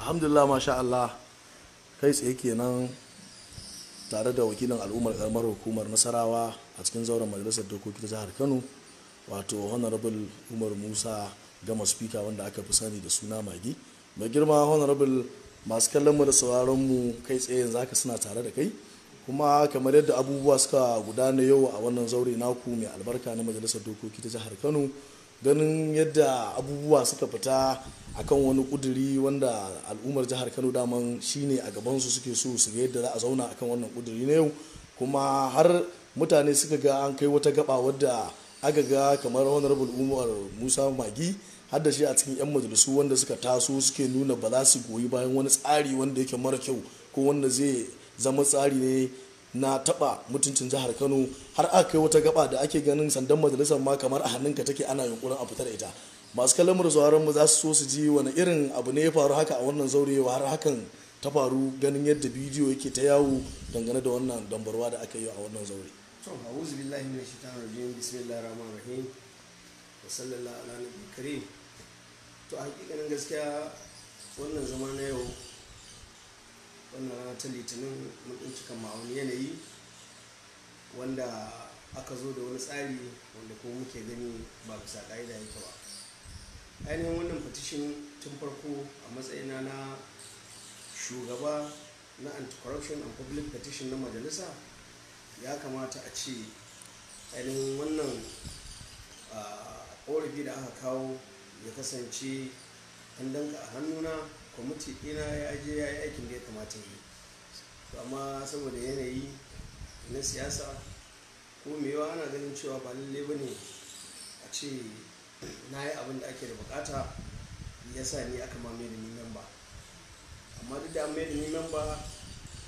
alhamdulillah masha Allah kai tsaye kenan tare da wakilin al'ummar karamar hukumar nasarawa a cikin zauren majalisar dokoki ta jihar kano wato honorable umar musa gama speaker wanda aka fi sani da suna magi mai girma honorable masu kallon mu da sauraron mu kai tsaye yanzu haka suna tare da kai kuma kamar yadda abubuwa suka gudana yau a wannan zaure naku mai albarka na majalisar dokoki ta jihar kano ganin yadda abubuwa suka fita akan wani kuduri wanda al'ummar jihar kano daman shine a gabansu suke so su ga yadda za a zauna akan wannan kuduri na kuma har mutane suka ga an kai wata gaba wadda aka ga kamar honorable umar musa magi har da shi a cikin 'yan majalisu wanda suka taso suke nuna ba za su goyi bayan wani tsari wanda yake mara kyau ko wanda zai zama tsari ne na taba mutuncin jihar kano har aka kai wata gaba da ake ganin sandan majalisar ma kamar a hannunka take ana yunkurin a fitar ita masu kalamar zuwaran mu za su so su ji wani irin abu ne ya faru haka a wannan zaurewa har hakan ta faru ganin yadda bidiyo yake ta yawo dangane da wannan dambarwa da aka yi a wannan zaure. to a'udhu billahi minash shaitanir yin bismillahir rahman rahim wa sallallahu ala nabiyil karim to hakikanin gaskiya wannan zama na yau wannan rana ta litinin mun ɗauki yanayi wanda aka zo da wani tsari wanda kuma muke gani ba bisa ka'ida yake ba ainihin wannan fatishin tun farko a matsayina na shugaba na anti-corruption and public petition na majalisa ya kamata a ce ainihin wannan ah, ƙorafi da aka kawo ya kasance an danka a hannuna kwamiti ina ya je ya yi aikin da ya kamata yi amma saboda yanayi na siyasa ko mewa ana ganin cewa ba lalle ba ne a ce na yi abin da ake da bukata ya sa ni aka ma mai da ba amma duk da mai da ni ba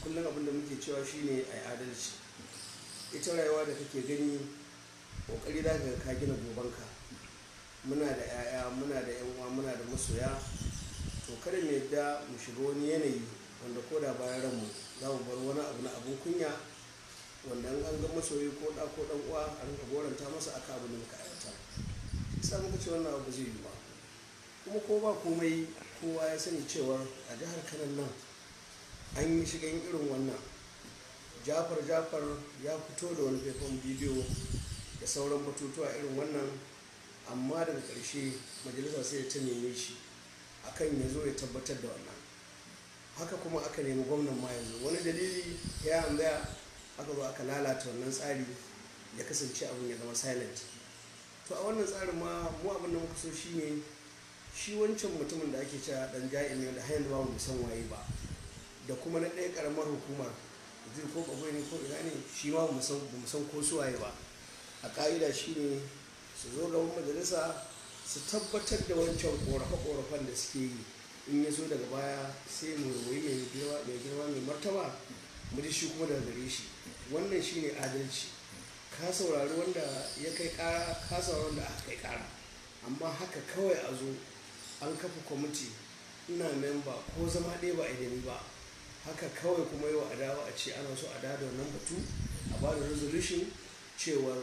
kullum abin da muke cewa shine a yi adalci ita rayuwa da kake gani kokari za ka ka gina gobanka muna da 'ya'ya muna da 'yan uwa muna da masoya to kada mu yadda mu shiga wani yanayi wanda ko da bayan ranmu za mu bar wani abu na abin kunya wanda an ganga masoyi ko da ko dan uwa a rinka goranta masa aka abin da muka aiwata sai muka ce wannan abu zai yi ba kuma ko ba komai kowa ya sani cewa a jihar kanan nan an yi shigan irin wannan jafar jafar ya fito da wani faifan bidiyo da sauran batutuwa irin wannan amma daga ƙarshe majalisa sai ta neme shi akan ya zo ya tabbatar da wannan haka kuma aka nemi gwamnan ma yanzu wani dalili ya ambaya aka zo aka lalata wannan tsari ya kasance abin ya zama silent to a wannan tsarin ma mu abin da muka so shine shi wancan mutumin da ake cewa dan ja'il ne da hanyar ba mu san waye ba da kuma na ɗaya karamar hukumar zai ko bagwai ne ko ina ne shi ma mu san ko su waye ba a ka'ida shine su zo gaban majalisa su tabbatar da wancan korafe-korafen da suke yi in ya zo daga baya sai mu yi mai girma mai girma mai martaba mu ji shi kuma daga gare shi wannan shi ne adalci ka saurari wanda ya kai kara ka saurari wanda aka kai kara amma haka kawai a zo an kafa kwamiti ina memba ko zama ɗaya ba idan ba haka kawai kuma yau a dawa a ce ana so a dada wannan batu a ba da resolution cewar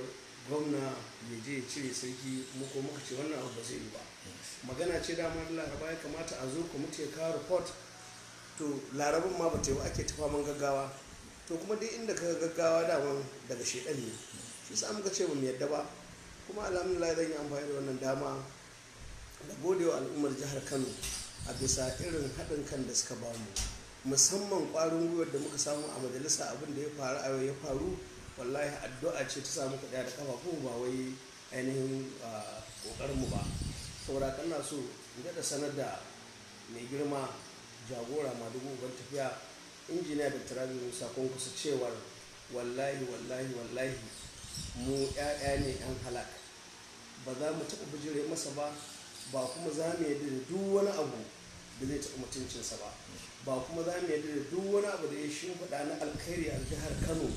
gwamna ya je ya cire sarki muku muka ce wannan abu ba zai yi ba magana ce dama da laraba ya kamata a zo kwamiti ya kawo report to larabin ma ba ta yi ake tafa man gaggawa to kuma dai inda ka gaggawa daman daga shaidan ne shi sa muka ce ba mu yadda ba kuma alhamdulillah zan yi amfani da wannan dama da godewa al'ummar jihar kano a bisa irin haɗin kan da suka bamu musamman ƙwarin gwiwar da muka samu a majalisa abin da ya faru a yau ya faru wallahi addu'a ce ta samu kuɗi da kafafu ba wai ainihin ƙoƙarinmu ba saboda kana so in da sanar da mai girma jagora ma dubu ban tafiya injiniya da turabi musa kun kusa cewar wallahi wallahi wallahi mu ƴaƴa ne yan halak ba za mu taɓa bijire masa ba ba kuma za mu yadda da duk wani abu da zai taɓa mutuncinsa ba ba kuma za mu yadda da duk wani abu da ya shimfiɗa na alkhairi a jihar kano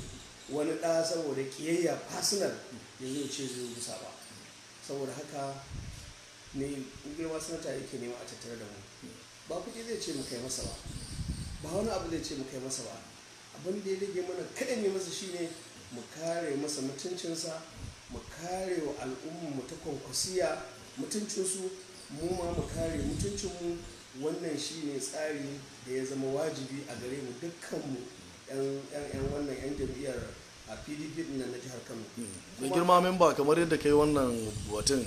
wani ɗa saboda kiyayya personal ya zo ce zai gusa ba saboda haka ne girma sanata yake nema a tattare da mu ba kuɗi zai ce mu kai masa ba ba wani abu zai ce mu kai masa ba abin da ya rage mana kaɗan ne masa shine mu kare masa mutuncinsa mu kare wa mu ta kwankwasiya mutuncinsu mu ma mu kare mutuncinmu wannan shine tsari da ya zama wajibi a gare mu dukkanmu yan wannan yan jam'iyyar a pdp na na jihar kano hmm. mai girma memba kamar yadda kai wannan watan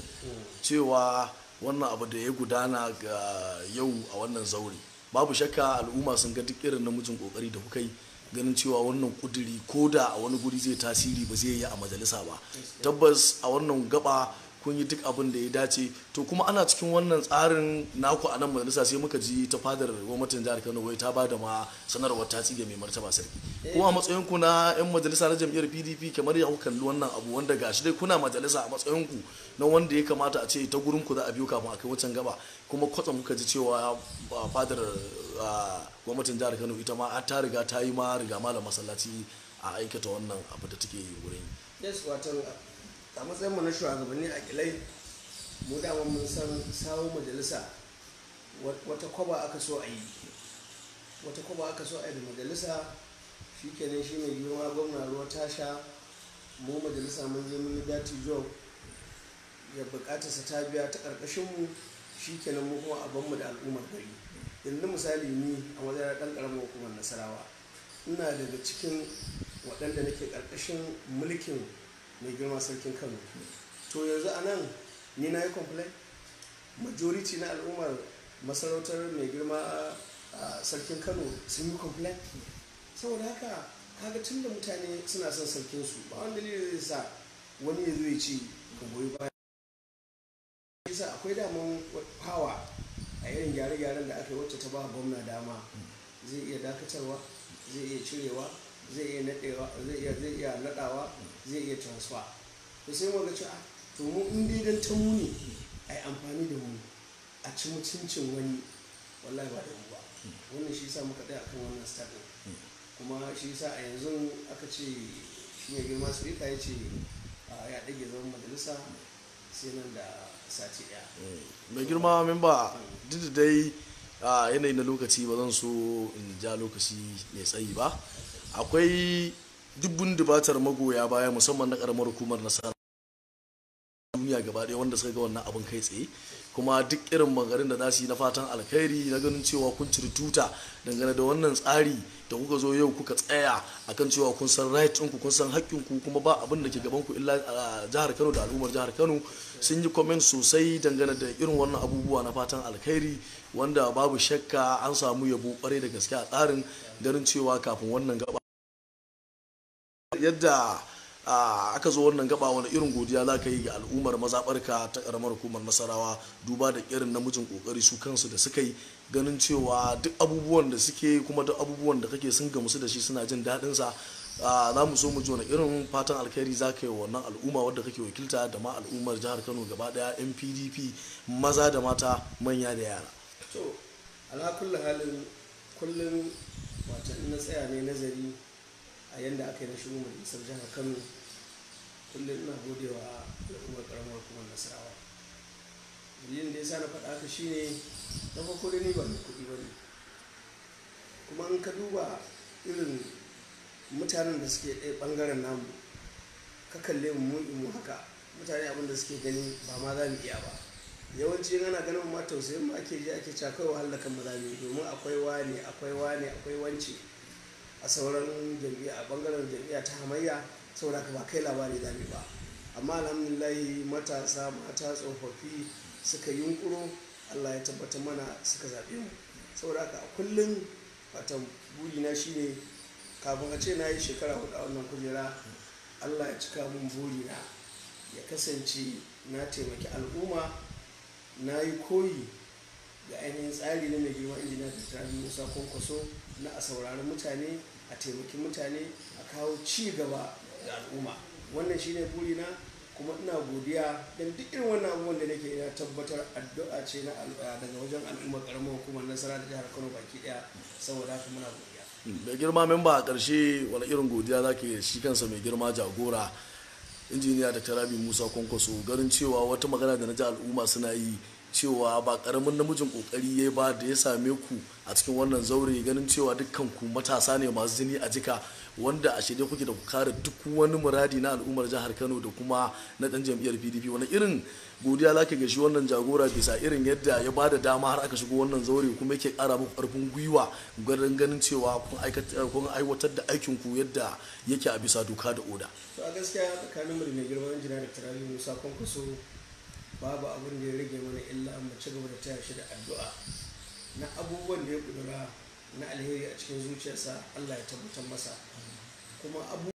cewa wannan abu da ya gudana ga yau a wannan zaure babu shakka al'umma sun ga duk irin namijin kokari da kuka yi ganin cewa wannan kuduri ko da a wani guri zai tasiri ba zai yi a majalisa ba tabbas a wannan gaba kun yi duk abin da ya dace to kuma ana cikin wannan tsarin naku a nan majalisa sai muka ji ta fadar gwamnatin jihar Kano wai ta bada ma sanarwar ta tsige mai martaba sarki kuma a matsayin ku na yan majalisa na jam'iyyar PDP kamar ya kalli wannan abu wanda gashi dai kuna majalisa a matsayin ku na wanda ya kamata a ce ta gurin ku za a biyo kafin a kai wancan gaba kuma kwatsam muka ji cewa fadar gwamnatin jihar Kano ita ma ta riga ta yi ma riga malam masallaci a aikata wannan abu da take yi wurin a matsayin mu na shugabanni a kilai mu dama mun san sawo majalisa wata kwaba aka so a yi wata kwaba aka so a yi da majalisa shi kenan shi mai girma gwamna ruwa tasha mu majalisa mun je mun yi dati job ya sa ta biya ta mu shi kenan mu kuma mu da al'ummar gari yanzu misali ni a wajen ɗan ƙaramin hukumar nasarawa ina daga cikin waɗanda nake karkashin mulkin mai girma sarkin kano to yanzu a nan ni na yi complain majority na al'ummar masarautar mai girma sarkin kano sun yi complain saboda haka kaga tun da mutane suna son sarkin su ba wani ne zai sa wani ya zo ya ci ga goyi baya yasa akwai damar hawa a irin gyare-gyaren da aka yi wacce ta ba gwamna dama zai iya dakatarwa zai iya cirewa zai iya nadewa zai iya zai iya nadawa zai iya transfer to sai mu ga cewa ah, to mu in dai dan ta mu ne ai amfani da mu a ci mutuncin wani wallahi ba da mu ba wannan shi yasa muka dai akan wannan stadium kuma shi yasa a yanzu aka ce shi ne girma speaker ya ce ah, ya dage zaman majalisa sai nan da sati daya eh, mai girma memba duk da dai ah, yanayi na lokaci ba zan so in ja lokaci mai tsayi ba akwai dubbin dubatar magoya baya musamman na karamar hukumar nasara duniya gaba ɗaya wanda suka ga wannan abin kai tsaye kuma duk irin magarin da nasi yi na fatan alkhairi na ganin cewa kun ciri tuta dangane da wannan tsari da kuka zo yau kuka tsaya akan cewa kun san right ku kun san haƙƙinku kuma ba abin da ke gaban ku illa a jihar Kano da al'ummar jihar Kano sun yi comment sosai dangane da irin wannan abubuwa na fatan alkhairi wanda babu shakka an samu yabo kwarai da gaske a tsarin ganin cewa kafin wannan gaba yadda aka zo wannan gaba wani irin godiya za ka yi ga al'ummar mazaɓarka ta ƙaramar hukumar nasarawa duba da irin namijin ƙoƙari su kansu da suka yi ganin cewa duk abubuwan da suke kuma duk abubuwan da kake sun gamsu da shi suna jin daɗin sa za mu so mu ji wani irin fatan alkhairi za ka yi wannan al'umma wadda kake wakilta da ma al'ummar jihar kano gaba ɗaya npdp maza da mata manya da yara to ala halin kullum wato na tsaya ne nazari a yadda aka yi na shigo majalisar jihar kano kullum ina godewa al'ummar karamar kuma nasarawa yin da ya sa na faɗa shi shine na farko dai ni ba mai kuɗi ba ne kuma in ka duba irin mutanen da suke ɗaya ɓangaren namu ka kalle mu mu haka mutane abin da suke gani ba ma za mu iya ba yawanci ana ganin ma tausayin mu ake ji ake cakai wahala kan mu domin akwai wane akwai wane akwai wance a sauran jami'a a bangaren jami'a ta hamayya saboda ka ba kai labari dami ba amma alhamdulillahi matasa mata tsofaffi suka yunkuro allah ya tabbatar mana suka zaɓe mu saboda a kullum na burina shine kafin a ce na yi shekara hudu a wannan kujera allah ya cika mun buri na ya kasance na taimaki al'umma na yi koyi ga ainihin tsari na mai girma injina da tarihi musa kwankwaso na a sauraron mutane a taimaki mutane a kawo ci gaba ga al'umma wannan shine burina kuma ina godiya don duk irin wannan abubuwan da nake na tabbatar addu'a ce na daga wajen al'ummar karamar hukumar nasara da jihar kano baki daya saboda haka muna godiya mai girma memba a ƙarshe wani irin godiya za shi kansa mai girma jagora injiniya da tarabi musa kwankwaso garin cewa wata magana da na ji al'umma suna yi cewa ba karamin namijin kokari ya ba da ya same ku a cikin wannan zaure ganin cewa dukkan ku matasa ne masu jini a jika wanda a shirye kuke da ku kare duk wani muradi na al'ummar jihar Kano da kuma na dan jam'iyyar PDP wani irin godiya zaka ga shi wannan jagora bisa irin yadda ya ba da dama har aka shigo wannan zaure kuma yake kara muku karfin gwiwa ganin ganin cewa kun aiwatar da aikin ku yadda yake a bisa doka da oda to a gaskiya tsakanin mu da mai girman jinar da Musa Kwankwaso babu abin da ya rage mana illa mu ci gaba da taya shi da addu'a na abubuwan da ya kudura na alheri a cikin zuciyarsa Allah ya tabbatar masa kuma abu